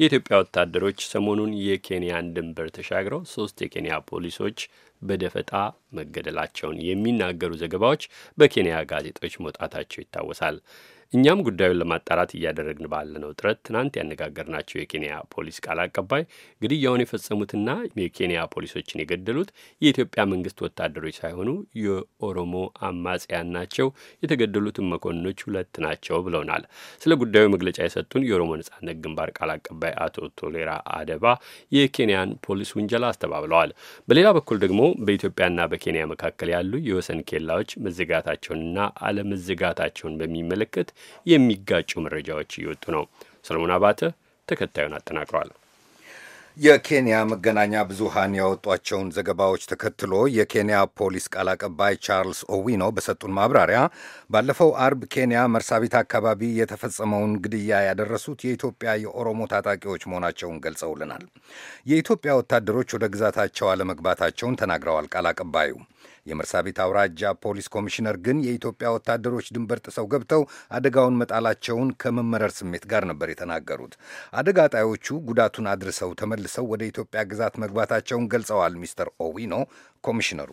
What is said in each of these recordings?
የኢትዮጵያ ወታደሮች ሰሞኑን የኬንያን ድንበር ተሻግረው ሶስት የኬንያ ፖሊሶች በደፈጣ መገደላቸውን የሚናገሩ ዘገባዎች በኬንያ ጋዜጦች መውጣታቸው ይታወሳል። እኛም ጉዳዩን ለማጣራት እያደረግን ባለነው ጥረት ትናንት ያነጋገርናቸው የኬንያ ፖሊስ ቃል አቀባይ ግድያውን የፈጸሙትና የኬንያ ፖሊሶችን የገደሉት የኢትዮጵያ መንግስት ወታደሮች ሳይሆኑ የኦሮሞ አማጽያን ናቸው፣ የተገደሉትን መኮንኖች ሁለት ናቸው ብለውናል። ስለ ጉዳዩ መግለጫ የሰጡን የኦሮሞ ነጻነት ግንባር ቃል አቀባይ አቶ ቶሌራ አደባ የኬንያን ፖሊስ ውንጀላ አስተባብለዋል። በሌላ በኩል ደግሞ በኢትዮጵያና በኬንያ መካከል ያሉ የወሰን ኬላዎች መዘጋታቸውንና አለመዘጋታቸውን በሚመለከት የሚጋጩ መረጃዎች እየወጡ ነው። ሰለሞን አባተ ተከታዩን አጠናቅሯል። የኬንያ መገናኛ ብዙሃን ያወጧቸውን ዘገባዎች ተከትሎ የኬንያ ፖሊስ ቃል አቀባይ ቻርልስ ኦዊኖ በሰጡን ማብራሪያ ባለፈው አርብ ኬንያ መርሳቢት አካባቢ የተፈጸመውን ግድያ ያደረሱት የኢትዮጵያ የኦሮሞ ታጣቂዎች መሆናቸውን ገልጸውልናል። የኢትዮጵያ ወታደሮች ወደ ግዛታቸው አለመግባታቸውን ተናግረዋል ቃል አቀባዩ። የመርሳቤት አውራጃ ፖሊስ ኮሚሽነር ግን የኢትዮጵያ ወታደሮች ድንበር ጥሰው ገብተው አደጋውን መጣላቸውን ከመመረር ስሜት ጋር ነበር የተናገሩት። አደጋ ጣዮቹ ጉዳቱን አድርሰው ተመልሰው ወደ ኢትዮጵያ ግዛት መግባታቸውን ገልጸዋል። ሚስተር ኦዊኖ ኮሚሽነሩ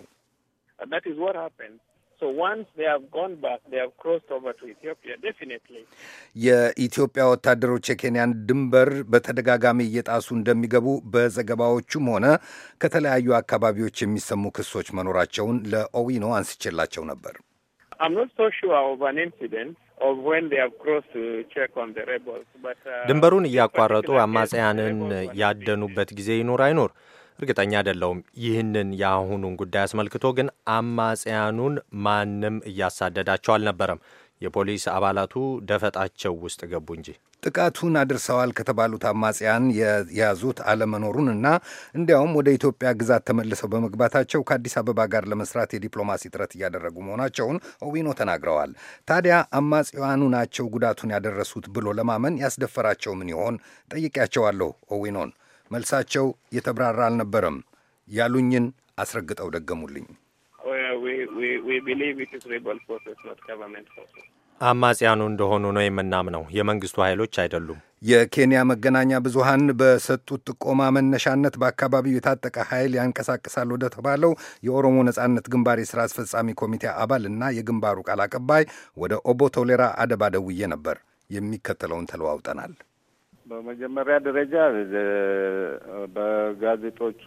የኢትዮጵያ ወታደሮች የኬንያን ድንበር በተደጋጋሚ እየጣሱ እንደሚገቡ በዘገባዎቹም ሆነ ከተለያዩ አካባቢዎች የሚሰሙ ክሶች መኖራቸውን ለኦዊኖ አንስቼላቸው ነበር። uh, ድንበሩን እያቋረጡ አማጽያንን ያደኑበት ጊዜ ይኖር አይኖር እርግጠኛ አይደለውም። ይህንን የአሁኑን ጉዳይ አስመልክቶ ግን አማጽያኑን ማንም እያሳደዳቸው አልነበረም። የፖሊስ አባላቱ ደፈጣቸው ውስጥ ገቡ እንጂ ጥቃቱን አድርሰዋል ከተባሉት አማጽያን የያዙት አለመኖሩንና እንዲያውም ወደ ኢትዮጵያ ግዛት ተመልሰው በመግባታቸው ከአዲስ አበባ ጋር ለመስራት የዲፕሎማሲ ጥረት እያደረጉ መሆናቸውን ኦዊኖ ተናግረዋል። ታዲያ አማጽያኑ ናቸው ጉዳቱን ያደረሱት ብሎ ለማመን ያስደፈራቸው ምን ይሆን? ጠይቄያቸዋለሁ ኦዊኖን። መልሳቸው የተብራራ አልነበረም። ያሉኝን አስረግጠው ደገሙልኝ። አማጽያኑ እንደሆኑ ነው የምናምነው፣ የመንግስቱ ኃይሎች አይደሉም። የኬንያ መገናኛ ብዙሃን በሰጡት ጥቆማ መነሻነት በአካባቢው የታጠቀ ኃይል ያንቀሳቅሳል ወደ ተባለው የኦሮሞ ነጻነት ግንባር የሥራ አስፈጻሚ ኮሚቴ አባል እና የግንባሩ ቃል አቀባይ ወደ ኦቦ ቶሌራ አደባ ደውዬ ነበር። የሚከተለውን ተለዋውጠናል። በመጀመሪያ ደረጃ በጋዜጦቹ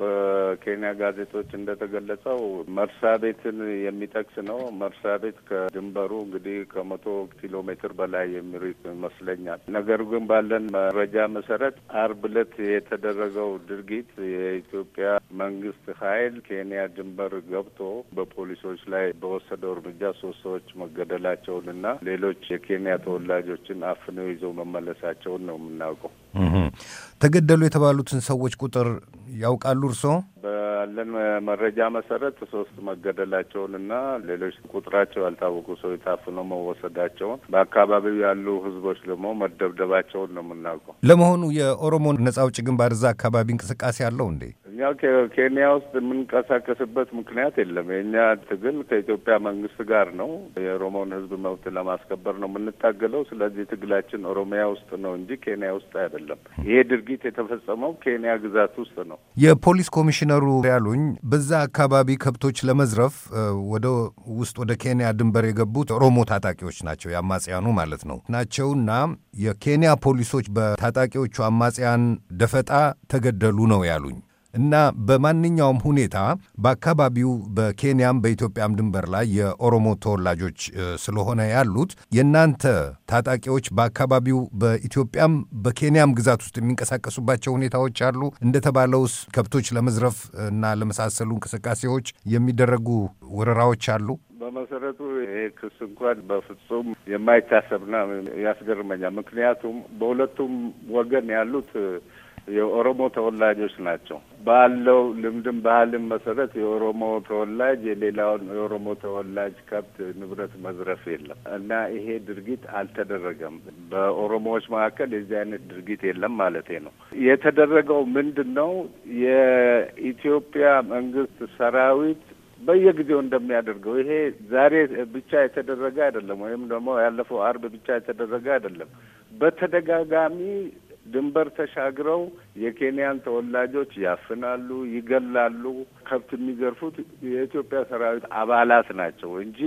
በኬንያ ጋዜጦች እንደተገለጸው መርሳ ቤትን የሚጠቅስ ነው። መርሳ ቤት ከድንበሩ እንግዲህ ከመቶ ኪሎ ሜትር በላይ የሚርቅ ይመስለኛል። ነገር ግን ባለን መረጃ መሰረት አርብ ዕለት የተደረገው ድርጊት የኢትዮጵያ መንግስት ኃይል ኬንያ ድንበር ገብቶ በፖሊሶች ላይ በወሰደው እርምጃ ሶስት ሰዎች መገደላቸውንና ሌሎች የኬንያ ተወላጆችን አፍነው ይዘው መመለሳቸውን ነው የምናውቀው። ተገደሉ የተባሉትን ሰዎች ቁጥር ያውቃሉ እርስዎ? ባለን መረጃ መሰረት ሶስት መገደላቸውን ሌሎች ቁጥራቸው ያልታወቁ ሰው ታፍኖ መወሰዳቸውን በአካባቢው ያሉ ህዝቦች ደግሞ መደብደባቸውን ነው የምናውቀው። ለመሆኑ የኦሮሞ ነጻ አውጪ ግንባር እዛ አካባቢ እንቅስቃሴ አለው እንዴ? እኛ ኬንያ ውስጥ የምንቀሳቀስበት ምክንያት የለም። የእኛ ትግል ከኢትዮጵያ መንግስት ጋር ነው። የኦሮሞውን ህዝብ መብት ለማስከበር ነው የምንታገለው። ስለዚህ ትግላችን ኦሮሚያ ውስጥ ነው እንጂ ኬንያ ውስጥ አይደለም። ይሄ ድርጊት የተፈጸመው ኬንያ ግዛት ውስጥ ነው። የፖሊስ ኮሚሽነሩ ያሉኝ በዛ አካባቢ ከብቶች ለመዝረፍ ወደ ውስጥ ወደ ኬንያ ድንበር የገቡት ኦሮሞ ታጣቂዎች ናቸው፣ የአማጽያኑ ማለት ነው ናቸውና የኬንያ ፖሊሶች በታጣቂዎቹ አማጽያን ደፈጣ ተገደሉ ነው ያሉኝ። እና በማንኛውም ሁኔታ በአካባቢው በኬንያም በኢትዮጵያም ድንበር ላይ የኦሮሞ ተወላጆች ስለሆነ ያሉት የእናንተ ታጣቂዎች በአካባቢው በኢትዮጵያም በኬንያም ግዛት ውስጥ የሚንቀሳቀሱባቸው ሁኔታዎች አሉ። እንደተባለውስ ከብቶች ለመዝረፍ እና ለመሳሰሉ እንቅስቃሴዎች የሚደረጉ ወረራዎች አሉ። በመሰረቱ ይሄ ክስ እንኳን በፍጹም የማይታሰብና ያስገርመኛል። ምክንያቱም በሁለቱም ወገን ያሉት የኦሮሞ ተወላጆች ናቸው። ባለው ልምድም ባህልም መሰረት የኦሮሞ ተወላጅ የሌላውን የኦሮሞ ተወላጅ ከብት ንብረት መዝረፍ የለም እና ይሄ ድርጊት አልተደረገም። በኦሮሞዎች መካከል የዚህ አይነት ድርጊት የለም ማለት ነው። የተደረገው ምንድን ነው? የኢትዮጵያ መንግስት ሰራዊት በየጊዜው እንደሚያደርገው ይሄ ዛሬ ብቻ የተደረገ አይደለም፣ ወይም ደግሞ ያለፈው አርብ ብቻ የተደረገ አይደለም። በተደጋጋሚ ድንበር ተሻግረው የኬንያን ተወላጆች ያፍናሉ፣ ይገላሉ። ከብት የሚዘርፉት የኢትዮጵያ ሰራዊት አባላት ናቸው እንጂ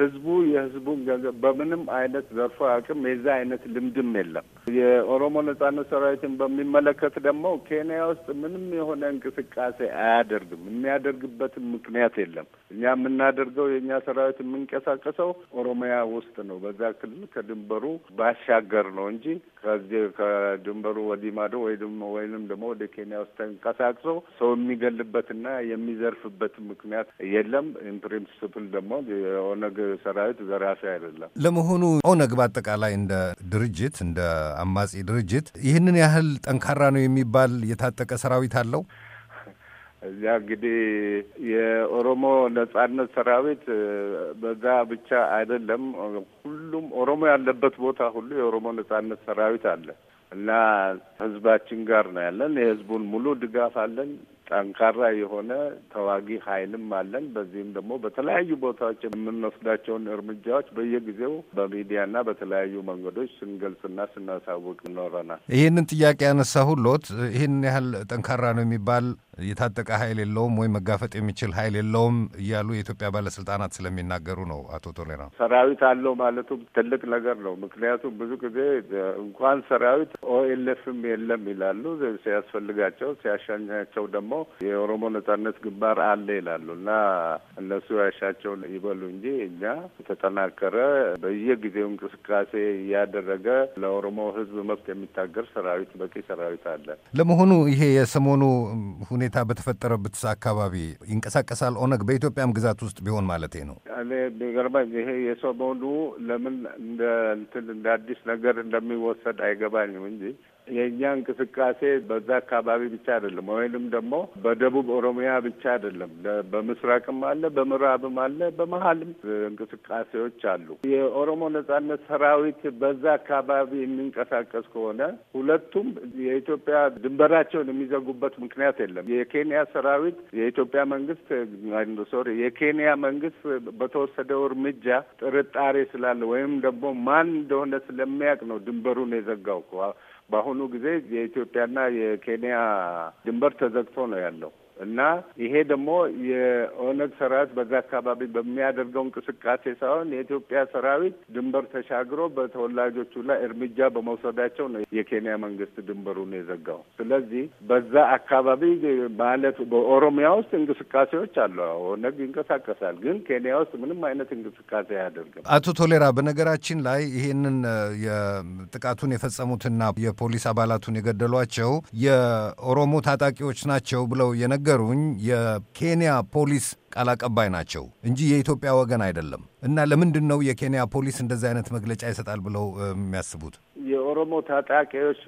ህዝቡ የህዝቡን ገንዘብ በምንም አይነት ዘርፎ አቅም የዛ አይነት ልምድም የለም። የኦሮሞ ነጻነት ሰራዊትን በሚመለከት ደግሞ ኬንያ ውስጥ ምንም የሆነ እንቅስቃሴ አያደርግም። የሚያደርግበትም ምክንያት የለም። እኛ የምናደርገው የእኛ ሰራዊት የምንቀሳቀሰው ኦሮሚያ ውስጥ ነው፣ በዛ ክልል ከድንበሩ ባሻገር ነው እንጂ ከዚህ ከድንበሩ ወዲህ ማዶ ወይ ወይንም ደግሞ ወደ ኬንያ ውስጥ ተንቀሳቅሶ ሰው የሚገልበትና የሚዘርፍበት ምክንያት የለም። ኢንፕሪንስፕል ደግሞ የኦነግ ሰራዊት ዘራፊ አይደለም። ለመሆኑ ኦነግ በአጠቃላይ እንደ ድርጅት እንደ አማጺ ድርጅት ይህንን ያህል ጠንካራ ነው የሚባል የታጠቀ ሰራዊት አለው? እዚያ እንግዲህ የኦሮሞ ነጻነት ሰራዊት በዛ ብቻ አይደለም። ሁሉም ኦሮሞ ያለበት ቦታ ሁሉ የኦሮሞ ነጻነት ሰራዊት አለ። እና ህዝባችን ጋር ነው ያለን። የህዝቡን ሙሉ ድጋፍ አለን። ጠንካራ የሆነ ተዋጊ ኃይልም አለን። በዚህም ደግሞ በተለያዩ ቦታዎች የምንወስዳቸውን እርምጃዎች በየጊዜው በሚዲያና በተለያዩ መንገዶች ስንገልጽና ስናሳውቅ ይኖረናል። ይህንን ጥያቄ ያነሳ ሁሎት ይህን ያህል ጠንካራ ነው የሚባል የታጠቀ ኃይል የለውም ወይም መጋፈጥ የሚችል ኃይል የለውም እያሉ የኢትዮጵያ ባለስልጣናት ስለሚናገሩ ነው። አቶ ቶሌራ ሰራዊት አለው ማለቱ ትልቅ ነገር ነው። ምክንያቱም ብዙ ጊዜ እንኳን ሰራዊት ኦኤልኤፍም የለም ይላሉ። ሲያስፈልጋቸው ሲያሻኛቸው ደግሞ የኦሮሞ ነጻነት ግንባር አለ ይላሉ እና እነሱ ያሻቸው ይበሉ እንጂ እኛ የተጠናከረ በየጊዜው እንቅስቃሴ እያደረገ ለኦሮሞ ሕዝብ መብት የሚታገር ሰራዊት በቂ ሰራዊት አለ። ለመሆኑ ይሄ የሰሞኑ ሁኔ ሁኔታ በተፈጠረበት አካባቢ ይንቀሳቀሳል ኦነግ በኢትዮጵያም ግዛት ውስጥ ቢሆን ማለት ነው። እኔ የሚገርመኝ ይሄ የሰሞኑ ለምን እንደ እንትን እንደ አዲስ ነገር እንደሚወሰድ አይገባኝም እንጂ የእኛ እንቅስቃሴ በዛ አካባቢ ብቻ አይደለም፣ ወይንም ደግሞ በደቡብ ኦሮሚያ ብቻ አይደለም። በምስራቅም አለ፣ በምዕራብም አለ፣ በመሀልም እንቅስቃሴዎች አሉ። የኦሮሞ ነጻነት ሰራዊት በዛ አካባቢ የሚንቀሳቀስ ከሆነ ሁለቱም የኢትዮጵያ ድንበራቸውን የሚዘጉበት ምክንያት የለም። የኬንያ ሰራዊት የኢትዮጵያ መንግስት ሶሪ የኬንያ መንግስት በተወሰደው እርምጃ ጥርጣሬ ስላለ ወይም ደግሞ ማን እንደሆነ ስለሚያውቅ ነው ድንበሩን የዘጋው። በአሁኑ ጊዜ የኢትዮጵያና የኬንያ ድንበር ተዘግቶ ነው ያለው። እና ይሄ ደግሞ የኦነግ ሰራዊት በዛ አካባቢ በሚያደርገው እንቅስቃሴ ሳይሆን የኢትዮጵያ ሰራዊት ድንበር ተሻግሮ በተወላጆቹ ላይ እርምጃ በመውሰዳቸው ነው የኬንያ መንግስት ድንበሩን የዘጋው። ስለዚህ በዛ አካባቢ ማለት በኦሮሚያ ውስጥ እንቅስቃሴዎች አሉ። ኦነግ ይንቀሳቀሳል፣ ግን ኬንያ ውስጥ ምንም አይነት እንቅስቃሴ አያደርግም። አቶ ቶሌራ፣ በነገራችን ላይ ይሄንን ጥቃቱን የፈጸሙትና የፖሊስ አባላቱን የገደሏቸው የኦሮሞ ታጣቂዎች ናቸው ብለው የነገ ሲነገሩኝ የኬንያ ፖሊስ ቃል አቀባይ ናቸው እንጂ የኢትዮጵያ ወገን አይደለም። እና ለምንድን ነው የኬንያ ፖሊስ እንደዚህ አይነት መግለጫ ይሰጣል ብለው የሚያስቡት? የኦሮሞ ታጣቂዎች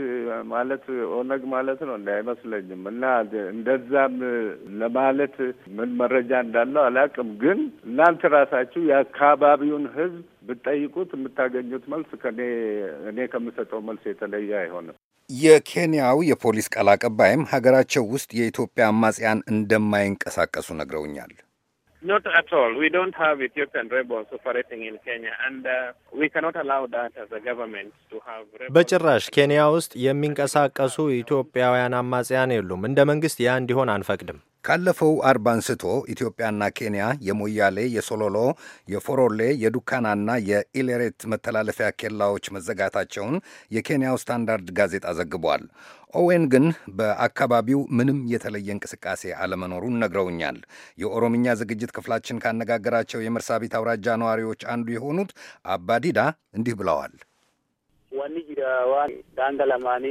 ማለት ኦነግ ማለት ነው እንደ አይመስለኝም። እና እንደዛም ለማለት ምን መረጃ እንዳለው አላውቅም። ግን እናንተ ራሳችሁ የአካባቢውን ህዝብ ብትጠይቁት የምታገኙት መልስ ከኔ እኔ ከምሰጠው መልስ የተለየ አይሆንም። የኬንያው የፖሊስ ቃል አቀባይም ሀገራቸው ውስጥ የኢትዮጵያ አማጽያን እንደማይንቀሳቀሱ ነግረውኛል። uh, በጭራሽ ኬንያ ውስጥ የሚንቀሳቀሱ ኢትዮጵያውያን አማጽያን የሉም። እንደ መንግስት ያ እንዲሆን አንፈቅድም። ካለፈው አርብ አንስቶ ኢትዮጵያና ኬንያ የሞያሌ፣ የሶሎሎ፣ የፎሮሌ፣ የዱካናና የኢሌሬት መተላለፊያ ኬላዎች መዘጋታቸውን የኬንያው ስታንዳርድ ጋዜጣ ዘግቧል። ኦዌን ግን በአካባቢው ምንም የተለየ እንቅስቃሴ አለመኖሩን ነግረውኛል። የኦሮምኛ ዝግጅት ክፍላችን ካነጋገራቸው የመርሳቢት አውራጃ ነዋሪዎች አንዱ የሆኑት አባዲዳ እንዲህ ብለዋል። ዋኒ ዳንገላማኒ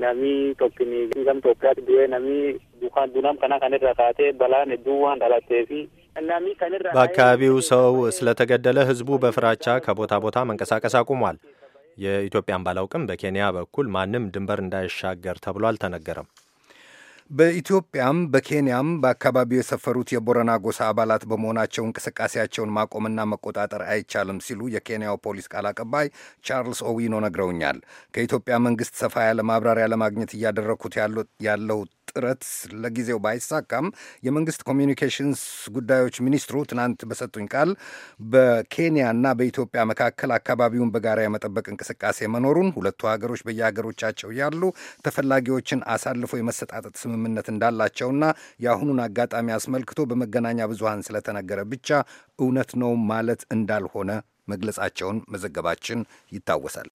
namni tokkini gam Itoophiyaatti du'ee namni dukaan dunam kana kan kanirra kaatee balaan hedduu waan dhalatee fi namni kanirra በአካባቢው ሰው ስለተገደለ ህዝቡ በፍራቻ ከቦታ ቦታ መንቀሳቀስ አቁሟል። የኢትዮጵያን ባላውቅም በኬንያ በኩል ማንም ድንበር እንዳይሻገር ተብሎ አልተነገረም። በኢትዮጵያም በኬንያም በአካባቢው የሰፈሩት የቦረና ጎሳ አባላት በመሆናቸው እንቅስቃሴያቸውን ማቆምና መቆጣጠር አይቻልም ሲሉ የኬንያው ፖሊስ ቃል አቀባይ ቻርልስ ኦዊኖ ነግረውኛል። ከኢትዮጵያ መንግስት ሰፋ ያለ ማብራሪያ ለማግኘት እያደረግኩት ያለው ጥረት ለጊዜው ባይሳካም የመንግስት ኮሚኒኬሽንስ ጉዳዮች ሚኒስትሩ ትናንት በሰጡኝ ቃል በኬንያና በኢትዮጵያ መካከል አካባቢውን በጋራ የመጠበቅ እንቅስቃሴ መኖሩን ሁለቱ ሀገሮች በየሀገሮቻቸው ያሉ ተፈላጊዎችን አሳልፎ የመሰጣጠት ስምምነት እንዳላቸውና የአሁኑን አጋጣሚ አስመልክቶ በመገናኛ ብዙሃን ስለተነገረ ብቻ እውነት ነው ማለት እንዳልሆነ መግለጻቸውን መዘገባችን ይታወሳል።